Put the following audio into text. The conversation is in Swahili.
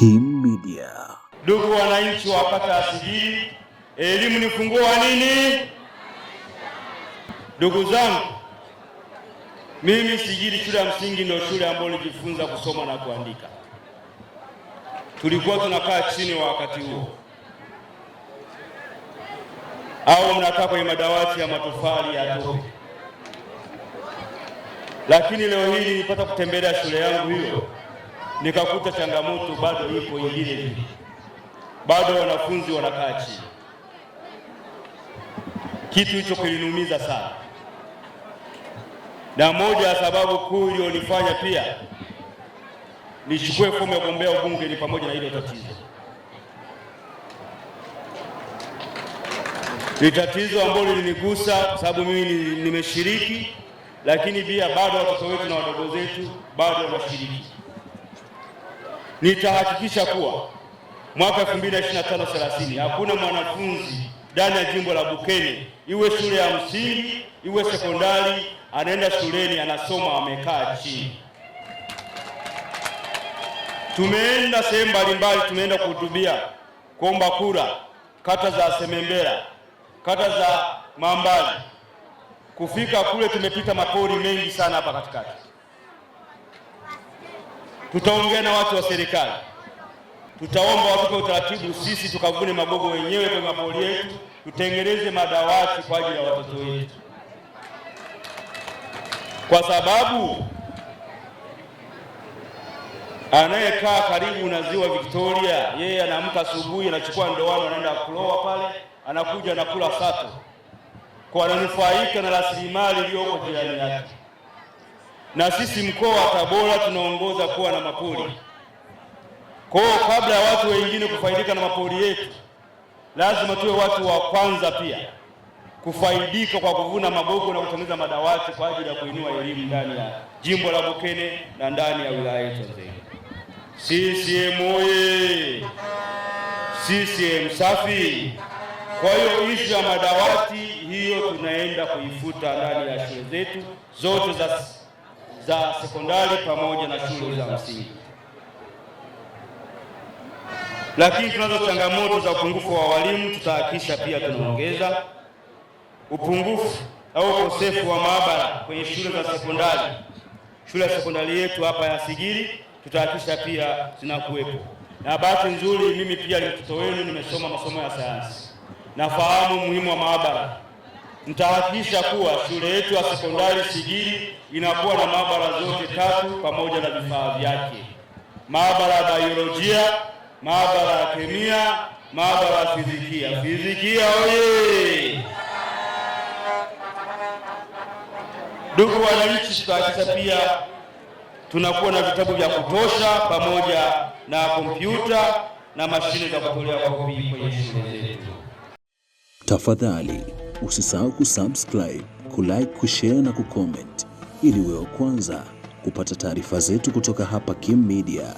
Kim Media. Ndugu wananchi wa kata ya Sigiri, elimu ni wa nini? Ndugu zangu, mimi Sigiri shule ya msingi ndio shule ambayo nilijifunza kusoma na kuandika. Tulikuwa tunakaa chini wa wakati huo, au mnakaa kwenye madawati ya matofali ya tope. Lakini leo hii nilipata kutembelea shule yangu hiyo nikakuta changamoto bado ipo ingine hivi, bado wanafunzi wanakaa chini. Kitu hicho kiliniumiza sana, na moja ya sababu kuu iliyonifanya pia nichukue fomu ya kugombea ubunge ni pamoja na hilo tatizo. Ni tatizo ambalo lilinigusa kwa sababu mimi nimeshiriki, lakini pia bado watoto wetu na wadogo zetu bado wanashiriki nitahakikisha kuwa mwaka 2025 30 hakuna mwanafunzi ndani ya jimbo la Bukene, iwe shule ya msingi iwe sekondari, anaenda shuleni anasoma amekaa chini. Tumeenda sehemu mbalimbali, tumeenda kuhutubia, kuomba kura kata za Semembera, kata za Mambali. Kufika kule tumepita mapori mengi sana hapa katikati Tutaongea na watu wa serikali, tutaomba watupe utaratibu, sisi tukavune magogo wenyewe kwenye mapori yetu, tutengeneze madawati kwa ajili ya watoto wetu, kwa sababu anayekaa karibu na ziwa Victoria, yeye anaamka asubuhi, anachukua ndoano, anaenda kuloa pale, anakuja anakula sato, kwa ananufaika na rasilimali iliyoko jirani yake na sisi mkoa wa Tabora tunaongoza kuwa na mapori. Kwa hiyo kabla ya watu wengine kufaidika na mapori yetu, lazima tuwe watu wa kwanza pia kufaidika kwa kuvuna magogo na kutengeneza madawati kwa ajili ya kuinua elimu ndani ya jimbo la Bukene na ndani ya wilaya yetu nzima. CCM oye! CCM safi! Kwa hiyo ishu ya madawati hiyo tunaenda kuifuta ndani ya shule zetu zote za za sekondari pamoja na shule za msingi. Lakini tunazo changamoto za upungufu wa walimu, tutahakikisha pia tunaongeza upungufu au ukosefu wa maabara kwenye shule za sekondari. Shule ya sekondari yetu hapa ya Sigiri tutahakikisha pia zinakuwepo, na bahati nzuri mimi pia ni mtoto wenu, nimesoma masomo ya sayansi, nafahamu umuhimu wa maabara nitahakikisha kuwa shule yetu ya sekondari Sigiri inakuwa na maabara zote tatu pamoja na vifaa vyake: maabara ya biolojia, maabara ya kemia, maabara ya fizikia. Fizikia oye! Ndugu wananchi, tutahakikisha pia tunakuwa na vitabu vya kutosha pamoja na kompyuta na mashine za kutolea kopi kwenye shule zetu. Tafadhali Usisahau kusubscribe, kulike, kushare na kucomment ili uwe wa kwanza kupata taarifa zetu kutoka hapa Kim Media.